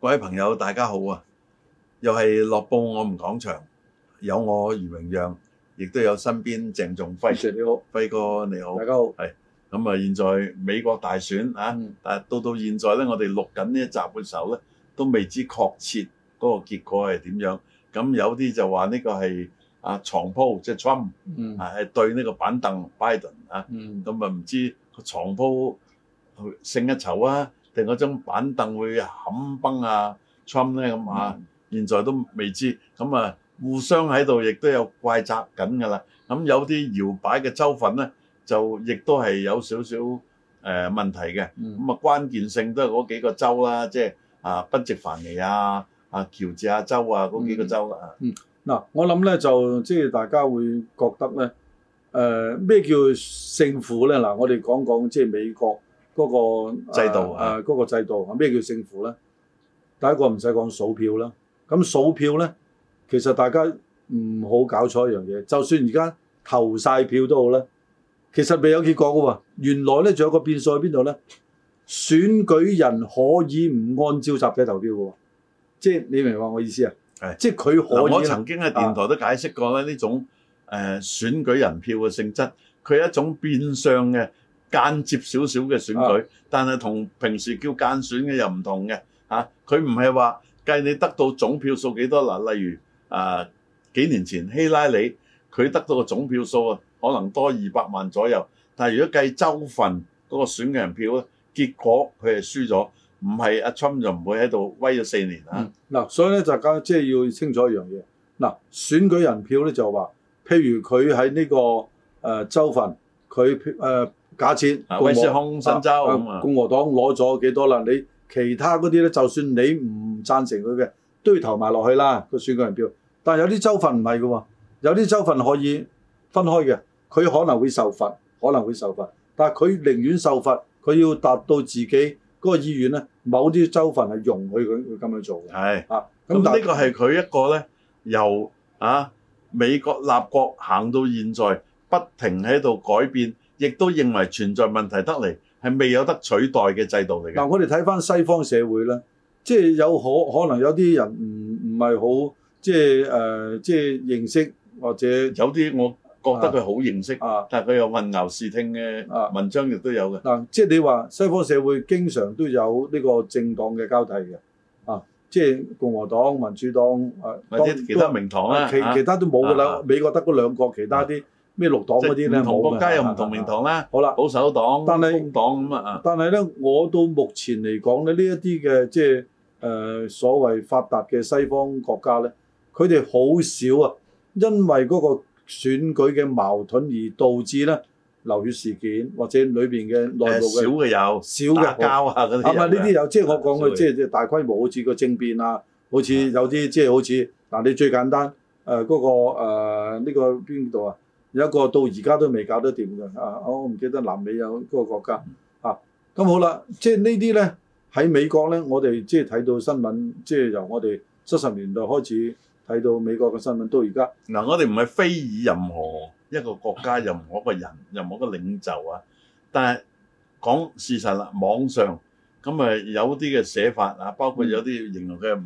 各位朋友，大家好啊！又係樂報我們講場，有我余榮讓，亦都有身邊鄭仲輝。輝哥你好，大家好。係咁啊！現在美國大選啊，但、嗯、到到現在呢，我哋錄緊呢一集嘅時候咧，都未知確切嗰個結果係點樣。咁有啲就話呢個係。啊，床鋪即係 Trump，係對呢個板凳 Biden 啊，咁啊唔知個床鋪勝一籌啊，定嗰張板凳會冚崩啊，Trump 咧。咁啊，現在都未知。咁啊，互相喺度亦都有怪責緊㗎啦。咁有啲搖擺嘅州份咧，就亦都係有少少誒問題嘅。咁啊，關鍵性都係嗰幾個州啦，即係啊賓夕凡尼亞啊、啊喬治亞州啊嗰幾個州啊。嗱，我諗咧就即係大家會覺得咧，誒、呃、咩叫勝負咧？嗱，我哋講講即係美國嗰、嗰個呃啊啊嗰個制度，誒嗰個制度，咩叫勝負咧？第一個唔使講數票啦，咁數票咧，其實大家唔好搞錯一樣嘢，就算而家投晒票都好啦，其實未有結果噶喎。原來咧仲有個變數喺邊度咧？選舉人可以唔按照集體投票噶喎，即係你明唔明我意思啊？即係佢可能，我曾經喺電台都解釋過咧，呢種誒選舉人票嘅性質，佢係一種變相嘅間接少少嘅選舉，但係同平時叫間選嘅又唔同嘅嚇。佢唔係話計你得到總票數幾多啦，例如誒幾年前希拉里佢得到個總票數啊，可能多二百萬左右，但係如果計州份嗰個選舉人票咧，結果佢係輸咗。唔係阿 t r m 就唔會喺度威咗四年啦嗱、嗯，所以咧就家即係要清楚一樣嘢。嗱，選舉人票咧就話，譬如佢喺呢個誒、呃、州份，佢誒、呃、假設共和，空州、啊、共和黨攞咗幾多啦、啊？你其他嗰啲咧，就算你唔贊成佢嘅，都要投埋落去啦個選舉人票。但有啲州份唔係㗎嘛，有啲州份可以分開嘅，佢可能會受罰，可能會受罰。但佢寧願受罰，佢要達到自己。嗰、那個議院咧，某啲州份係容許佢佢咁樣做嘅。係啊，咁呢個係佢一個咧，由啊美國立國行到現在，不停喺度改變，亦都認為存在問題得嚟，係未有得取代嘅制度嚟嘅。嗱，我哋睇返西方社會咧，即係有可可能有啲人唔唔係好，即係誒、呃，即係認識或者有啲我。覺得佢好認識啊，但係佢有混淆視聽嘅文章亦都有嘅。嗱、啊，即係你話西方社會經常都有呢個政黨嘅交替嘅啊，即係共和黨、民主黨啊，或者其他名堂啊。其啊其他都冇噶啦，美國得嗰兩國，其他啲咩綠黨嗰啲咧唔同國家有唔、啊、同名堂啦、啊。好啦，保守黨、工黨咁啊。但係咧，我到目前嚟講咧，呢一啲嘅即係誒、呃、所謂發達嘅西方國家咧，佢哋好少啊，因為嗰、那個。選舉嘅矛盾而導致咧流血事件，或者裏邊嘅內部嘅少嘅有，小嘅交啊嗰啲係咪呢啲有？即係、就是、我講嘅，即係、就是、大規模好似個政變啊，好似有啲即係好似嗱，你、就是、最簡單誒嗰、呃那個呢、呃這個邊度啊？有一個到而家都未搞得掂嘅。啊！我唔記得南美有嗰個國家啊。咁、啊、好啦，即、就、係、是、呢啲咧喺美國咧，我哋即係睇到新聞，即、就、係、是、由我哋七十年代開始。睇到美國嘅新聞到而家嗱，我哋唔係非議任何一個國家、任何一個人、任何一個領袖啊。但係講事實啦，網上咁啊有啲嘅寫法啊，包括有啲形容佢係五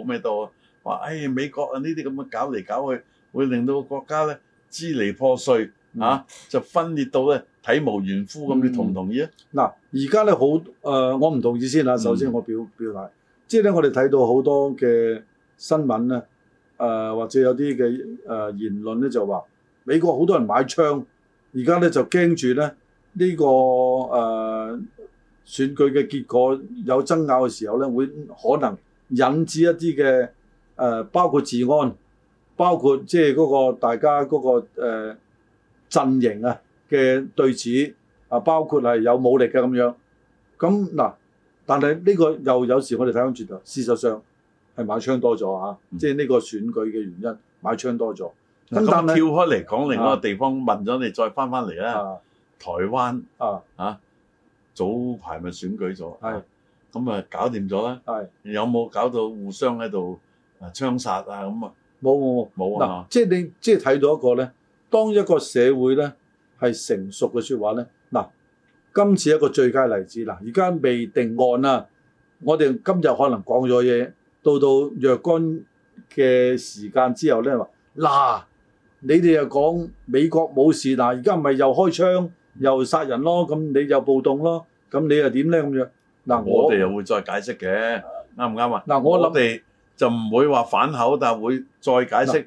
毛咩都，話誒、哎、美國啊呢啲咁嘅搞嚟搞去，會令到個國家咧支離破碎、嗯、啊，就分裂到咧體無完膚咁。你同唔同意啊？嗱，而家咧好誒、呃，我唔同意先啦。首先我表、嗯、表態即係咧我哋睇到好多嘅新聞咧。誒或者有啲嘅誒言論咧就話美國好多人買槍，而家咧就驚住咧呢個誒選舉嘅結果有爭拗嘅時候咧，會可能引致一啲嘅誒包括治安，包括即係嗰個大家嗰個誒陣營啊嘅對峙啊，包括係有武力嘅咁樣。咁嗱，但係呢個又有時我哋睇返轉頭，事實上。係買槍多咗嚇、啊嗯，即係呢個選舉嘅原因買槍多咗。嗯、跳開嚟講，另外一個地方問咗你，再翻翻嚟啦。台灣啊，啊早排咪選舉咗，咁啊搞掂咗啦。有冇搞到互相喺度槍殺啊？咁啊，冇冇冇冇啊！嗱，即係你即係睇到一個咧，當一個社會咧係成熟嘅說話咧。嗱，今次一個最佳例子嗱，而家未定案啦，我哋今日可能講咗嘢。到到若干嘅時間之後咧，話嗱、啊、你哋又講美國冇事，嗱而家唔咪又開槍又殺人咯，咁你就暴動咯，咁你又點咧咁樣呢？嗱、啊，我哋又會再解釋嘅，啱唔啱啊？嗱、啊，我諗我哋就唔會話反口，但係會再解釋，啊、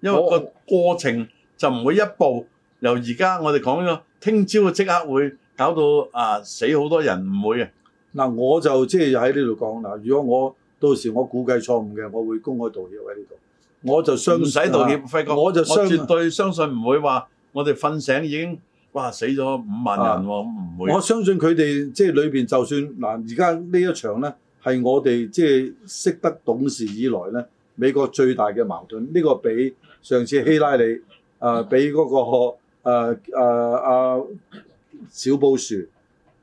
因為個過程就唔會一步由而家我哋講咗，聽朝即刻會搞到啊死好多人，唔會嘅。嗱、啊，我就即係喺呢度講嗱，如果我到時我估計錯誤嘅，我會公開道歉喺呢度。我就唔使道歉，費、啊、我就相我絕對相信唔會話我哋瞓醒已經哇死咗五萬人喎唔、啊、會。我相信佢哋即係裏邊，就，是、面就算嗱而家呢一場咧，係我哋即係識得懂事以來咧，美國最大嘅矛盾呢、這個比上次希拉里啊，比嗰、那個誒阿、啊啊啊、小布殊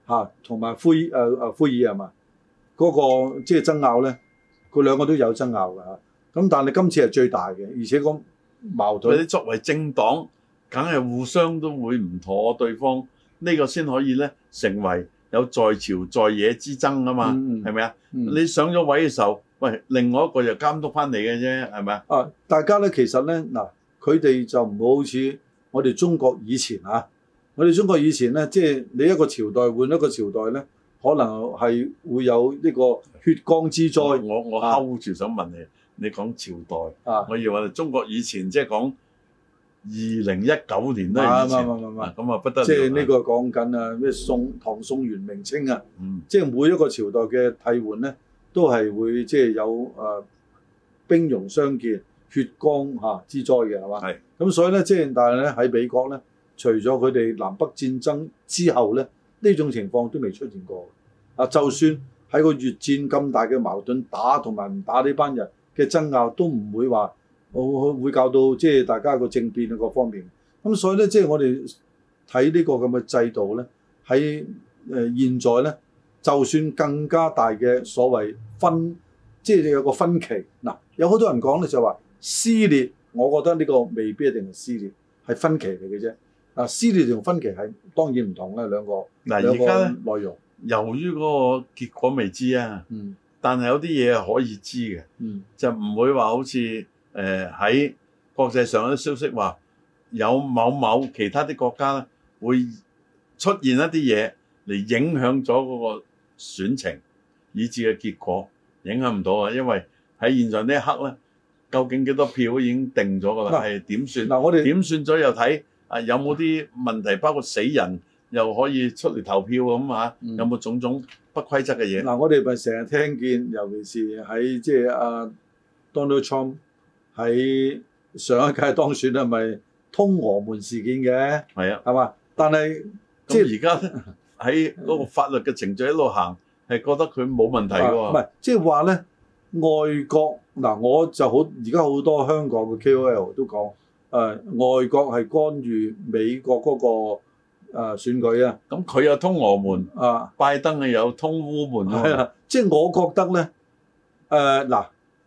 嚇同埋灰誒誒灰爾係嘛嗰個即係、就是、爭拗咧。佢兩個都有爭拗㗎，咁但係今次係最大嘅，而且講矛盾。你作為政黨，梗係互相都會唔妥對方，呢個先可以咧成為有在朝在野之爭啊嘛，係咪啊？你上咗位嘅時候，喂，另外一個就監督翻你嘅啫，係咪啊？啊，大家咧，其實咧，嗱，佢哋就唔好好似我哋中國以前嚇、啊，我哋中國以前咧，即係你一個朝代換一個朝代咧。可能係會有呢個血光之災。我我勾住想問你，你講朝代，我以為中國以前即係講二零一九年都係以前，咁啊不，不，不，不，不得了，即係呢個講緊啊咩宋、唐、宋、元、明清啊，即、嗯、係、就是、每一個朝代嘅替換咧，都係會即係有啊兵戎相見、血光嚇、啊、之災嘅，係嘛？咁所以咧，即係但係咧喺美國咧，除咗佢哋南北戰爭之後咧。呢種情況都未出現過，啊，就算喺個越戰咁大嘅矛盾打同埋唔打呢班人嘅爭拗，都唔會話會搞到即係大家個政變啊各方面。咁所以呢，即係我哋睇呢個咁嘅制度呢，喺誒現在呢，就算更加大嘅所謂分，即係有個分歧。嗱，有好多人講呢，就話撕裂，我覺得呢個未必一定係撕裂，係分歧嚟嘅啫。啊，撕裂同分歧係當然唔同咧，兩個而家呢兩個內容。由於嗰個結果未知啊，嗯，但係有啲嘢係可以知嘅，嗯，就唔會話好似誒喺國際上啲消息話有某某其他啲國家咧會出現一啲嘢嚟影響咗嗰個選情以至嘅結果，影響唔到啊，因為喺現在呢一刻咧，究竟幾多票已經定咗噶啦，係、啊、點算？嗱、啊，我哋點算咗又睇。啊，有冇啲問題？包括死人又可以出嚟投票咁、啊嗯、有冇種種不規則嘅嘢？嗱、啊，我哋咪成日聽見，尤其是喺即係阿 Donald Trump 喺上一屆當選係咪通俄門事件嘅。係、嗯、啊，係嘛、嗯？但係即係而家喺嗰個法律嘅程序一路行，係 覺得佢冇問題喎。唔、啊、係，即係話咧，外國嗱、啊，我就好而家好多香港嘅 KOL 都講。誒、呃，外國係干預美國嗰、那個誒、呃、選舉啊，咁佢有通俄門啊，拜登係有通烏門即係、啊、 我覺得咧，誒、呃、嗱，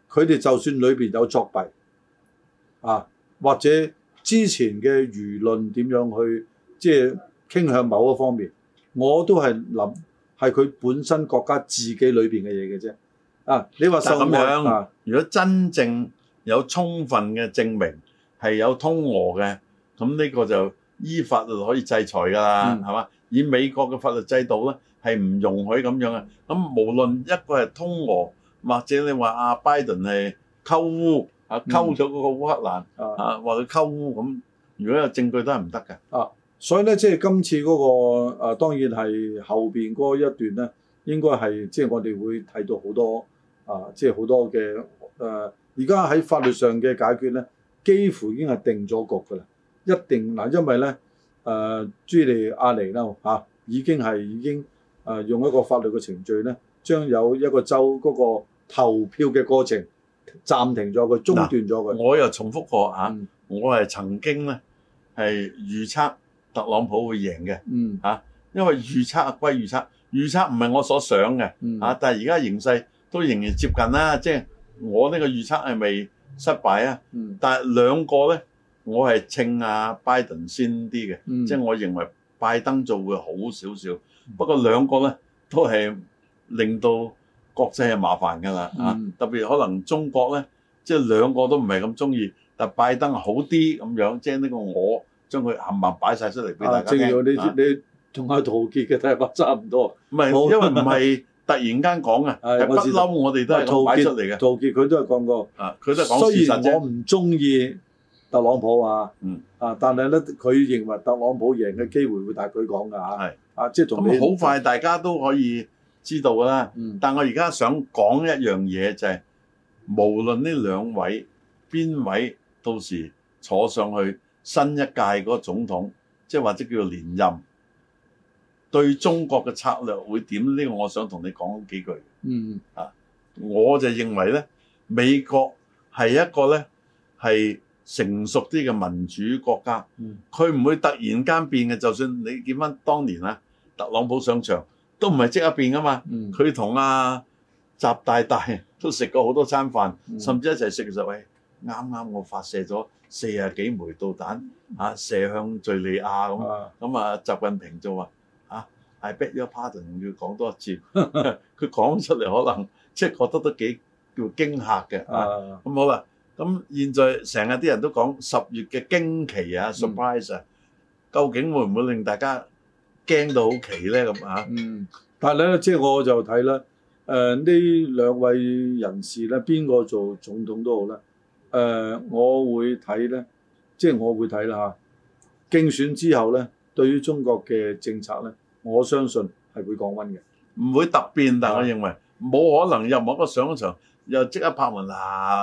佢哋就算裏面有作弊啊，或者之前嘅輿論點樣去，即、就、係、是、傾向某一方面，我都係諗係佢本身國家自己裏面嘅嘢嘅啫。啊，你話咁樣、啊，如果真正有充分嘅證明，係有通俄嘅，咁呢個就依法就可以制裁㗎啦，係、嗯、嘛？以美國嘅法律制度咧，係唔容許咁樣嘅。咁無論一個係通俄，或者你話阿、啊、拜登係溝烏，啊溝咗嗰個烏克蘭、嗯、啊，或者溝烏咁，如果有證據都係唔得嘅。啊，所以咧，即係今次嗰、嗰個、啊、當然係後邊嗰一段咧，應該係即係我哋會睇到好多啊，即係好多嘅誒，而家喺法律上嘅解決咧。幾乎已經係定咗局㗎啦，一定嗱，因為咧，誒、呃，朱利亞尼啦嚇、啊，已經係已經誒、呃、用一個法律嘅程序咧，將有一個州嗰個投票嘅過程暫停咗佢，中斷咗佢、啊。我又重複過嚇、啊，我係曾經咧係預測特朗普會贏嘅，嚇、嗯啊，因為預測啊歸預測，預測唔係我所想嘅，嚇、啊，但係而家形勢都仍然接近啦，即、啊、係、就是、我呢個預測係未失敗啊！但係兩個咧，我係稱阿拜登先啲嘅，即係我認為拜登做會好少少。不過兩個咧都係令到國際係麻煩㗎啦啊！特別可能中國咧，即係兩個都唔係咁中意，但係拜登好啲咁樣，將呢個我將佢冚唪唥擺晒出嚟俾大家聽。正如你你同阿陶傑嘅睇法差唔多，唔係因為唔係。突然間講啊，係不嬲，我哋都係擺出嚟嘅。套傑佢都係講過，啊，佢都係講事實啫。雖然我唔中意特朗普啊，嗯、啊，但係咧佢認為特朗普贏嘅機會會大，佢講㗎嚇。係啊，即係同你。咁好快，大家都可以知道㗎啦、嗯。但我而家想講一樣嘢就係、是，無論呢兩位邊位到時坐上去新一屆嗰個總統，即係或者叫做連任。對中國嘅策略會點呢？這個、我想同你講幾句。嗯啊，我就認為咧，美國係一個咧係成熟啲嘅民主國家，佢、嗯、唔會突然間變嘅。就算你見翻當年啊，特朗普上場都唔係即刻變噶嘛。佢同阿習大大都食過好多餐飯、嗯，甚至一齊食嘅時候，喂、哎，啱啱我發射咗四十幾枚導彈、啊、射向敍利亞咁。咁、嗯、啊，習近平就話。I beg your pardon，要講多一次，佢講出嚟可能即係覺得都幾叫驚嚇嘅啊！咁好啦，咁現在成日啲人都講十月嘅驚奇啊，surprise 啊，究竟會唔會令大家驚到好奇咧？咁啊，嗯，但係咧，即係我就睇咧，誒呢兩位人士咧，邊個做總統都好咧，誒我會睇咧，即係我會睇啦嚇，競選之後咧，對於中國嘅政策咧。我相信係會降溫嘅，唔會突變，但我認為冇可能又某個上場又即刻拍門嗱。而、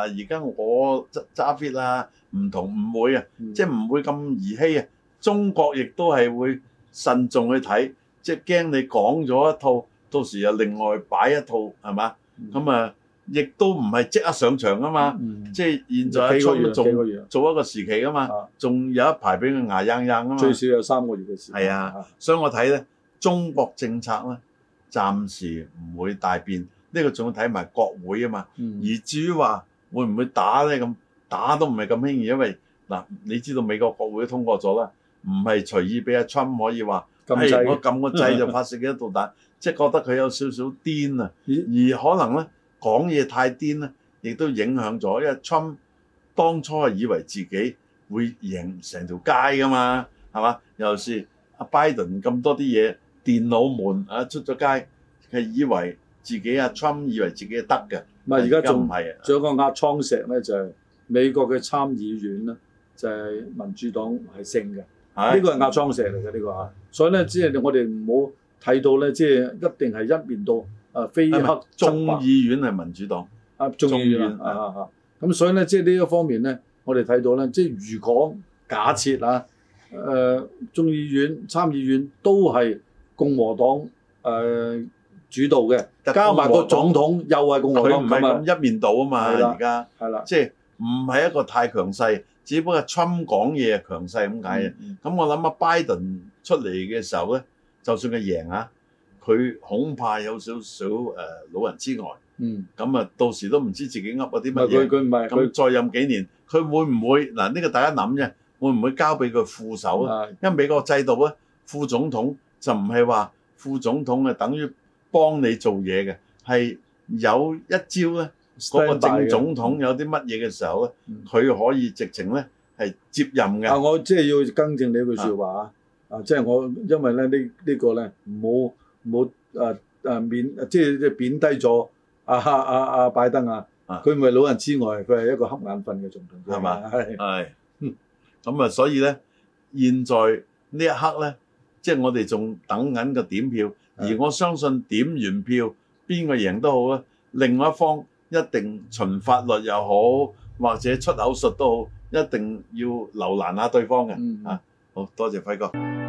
啊、家我揸 fit 唔同唔會啊，嗯、即唔會咁兒戲啊。中國亦都係會慎重去睇，即係驚你講咗一套，到時又另外擺一套係嘛？咁啊，亦、嗯、都唔係即刻上場啊嘛，嗯、即係現在一出做一個時期啊嘛，仲、啊、有一排俾佢牙硬硬啊嘛，最少有三個月嘅時間、啊。啊，所以我睇咧。中國政策咧，暫時唔會大變。呢、這個仲要睇埋國會啊嘛、嗯。而至於話會唔會打咧，咁打都唔係咁輕易，因為嗱，你知道美國國會通過咗啦，唔係隨意俾阿春可以話，唉、哎，我撳個掣就發射幾多導彈，即、嗯、係、就是、覺得佢有少少癲啊、嗯。而可能咧講嘢太癲咧，亦都影響咗，因為春當初係以為自己會贏成條街噶嘛，係嘛？又是阿 Biden 咁多啲嘢。電腦門啊出咗街，係以為自己阿 Trump 以為自己得嘅，唔係而家仲唔係啊？仲有個壓倉石咧，就係、是、美國嘅參議院啦，就係、是、民主黨係勝嘅，呢、啊這個係壓倉石嚟嘅呢個啊。嗯、所以咧，即、就、係、是、我哋唔好睇到咧，即、就、係、是、一定係一面到啊，非黑眾議院係民主黨啊，眾議院啊啊啊！咁、啊啊啊啊、所以咧，即係呢一方面咧，我哋睇到咧，即、就、係、是、如果假設啊，誒眾議院參議院都係共和黨誒、呃、主導嘅，加埋個總統又係共和黨，唔係咁一面倒啊嘛！而家啦，即係唔係一個太強勢，只不過係侵講嘢強勢咁解嘅，咁、嗯、我諗啊，拜登出嚟嘅時候咧，就算佢贏啊，佢恐怕有少少、呃、老人之外。嗯，咁啊，到時都唔知自己噏咗啲乜嘢。佢唔係佢再任幾年，佢會唔會嗱呢、個大家諗啫？會唔會交俾佢副手？因為美國制度咧，副總統。就唔係話副總統啊，等於幫你做嘢嘅，係有一招咧，嗰、那個正總統有啲乜嘢嘅時候咧，佢、嗯、可以直情咧係接任嘅。啊，我即係要更正你一句説話啊！啊，即、就、係、是、我因為咧呢、這個、呢個咧唔冇誒免即係貶低咗阿啊阿、啊啊啊、拜登啊！佢唔係老人之外，佢係一個黑眼瞓嘅總統，係嘛？係咁、嗯、啊，所以咧，現在呢一刻咧。即係我哋仲等緊個點票，而我相信點完票，邊個贏都好，另外一方一定循法律又好，或者出口術都好，一定要留難下對方嘅。啊、嗯，好多謝輝哥。